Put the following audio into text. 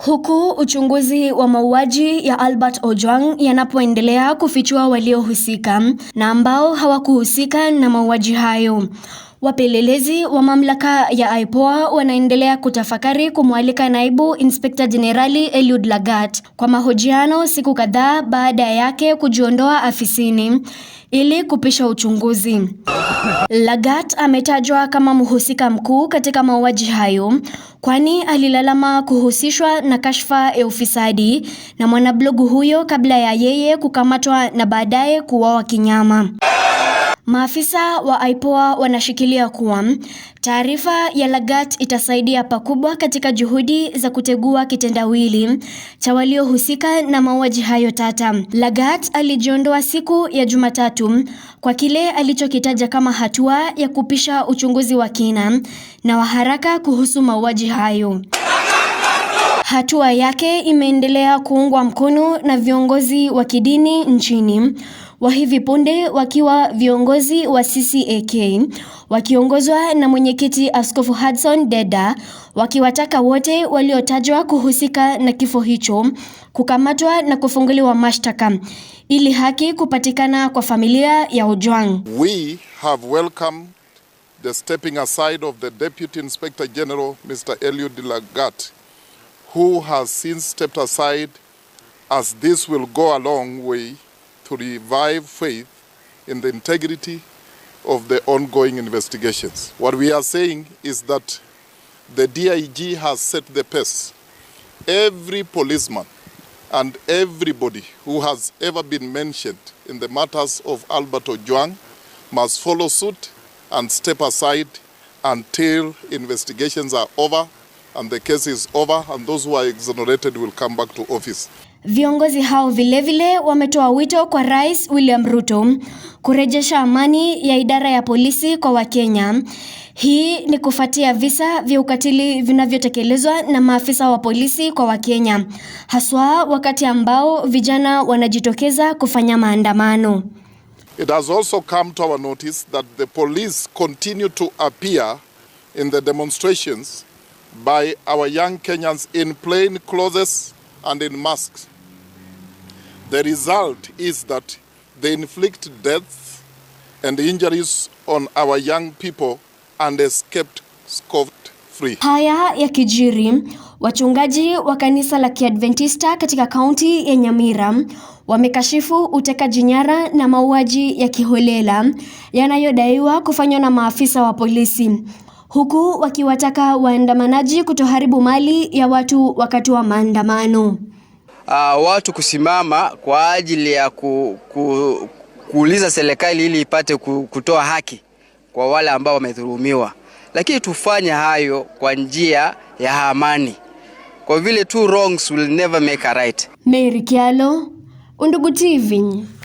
Huku uchunguzi wa mauaji ya Albert Ojwang yanapoendelea kufichua waliohusika na ambao hawakuhusika na mauaji hayo. Wapelelezi wa mamlaka ya IPOA wanaendelea kutafakari kumwalika naibu inspekta jenerali Eliud Lagat kwa mahojiano siku kadhaa baada yake kujiondoa afisini ili kupisha uchunguzi. Lagat ametajwa kama mhusika mkuu katika mauaji hayo kwani alilalama kuhusishwa na kashfa ya ufisadi na mwanablogu huyo kabla ya yeye kukamatwa na baadaye kuuawa kinyama. Maafisa wa IPOA wanashikilia kuwa taarifa ya Lagat itasaidia pakubwa katika juhudi za kutegua kitendawili cha waliohusika na mauaji hayo tata. Lagat alijiondoa siku ya Jumatatu kwa kile alichokitaja kama hatua ya kupisha uchunguzi wa kina na wa haraka kuhusu mauaji hayo. Hatua yake imeendelea kuungwa mkono na viongozi wa kidini nchini wa hivi punde wakiwa viongozi wa CCAK wakiongozwa na mwenyekiti Askofu Hudson Deda wakiwataka wote waliotajwa kuhusika na kifo hicho kukamatwa na kufunguliwa mashtaka ili haki kupatikana kwa familia ya Ojwang. We have welcomed the stepping aside of the Deputy Inspector General Mr. Eliud Lagat who has since stepped aside as this will go a long way to revive faith in the integrity of the ongoing investigations. What we are saying is that the DIG has set the pace. Every policeman and everybody who has ever been mentioned in the matters of Alberto Juang must follow suit and step aside until investigations are over and the case is over and those who are exonerated will come back to office. Viongozi hao vilevile wametoa wito kwa Rais William Ruto kurejesha amani ya idara ya polisi kwa Wakenya. Hii ni kufuatia visa vya ukatili vinavyotekelezwa na maafisa wa polisi kwa Wakenya, haswa wakati ambao vijana wanajitokeza kufanya maandamano. It has also come to our notice that the police continue to appear in the demonstrations by our young Kenyans in plain clothes and in masks. The result is that they inflict death and injuries on our young people and escaped scot free. Haya kijiri, wachungaji wa kanisa la Kiadventista katika kaunti ya Nyamira wamekashifu utekaji nyara na mauaji ya kiholela yanayodaiwa kufanywa na maafisa wa polisi huku wakiwataka waandamanaji kutoharibu mali ya watu wakati wa maandamano uh, watu kusimama kwa ajili ya ku, ku, kuuliza serikali ili ipate kutoa haki kwa wale ambao wamedhulumiwa, lakini tufanye hayo kwa njia ya amani, kwa vile two wrongs will never make a right. Mary Kyalo, Undugu TV.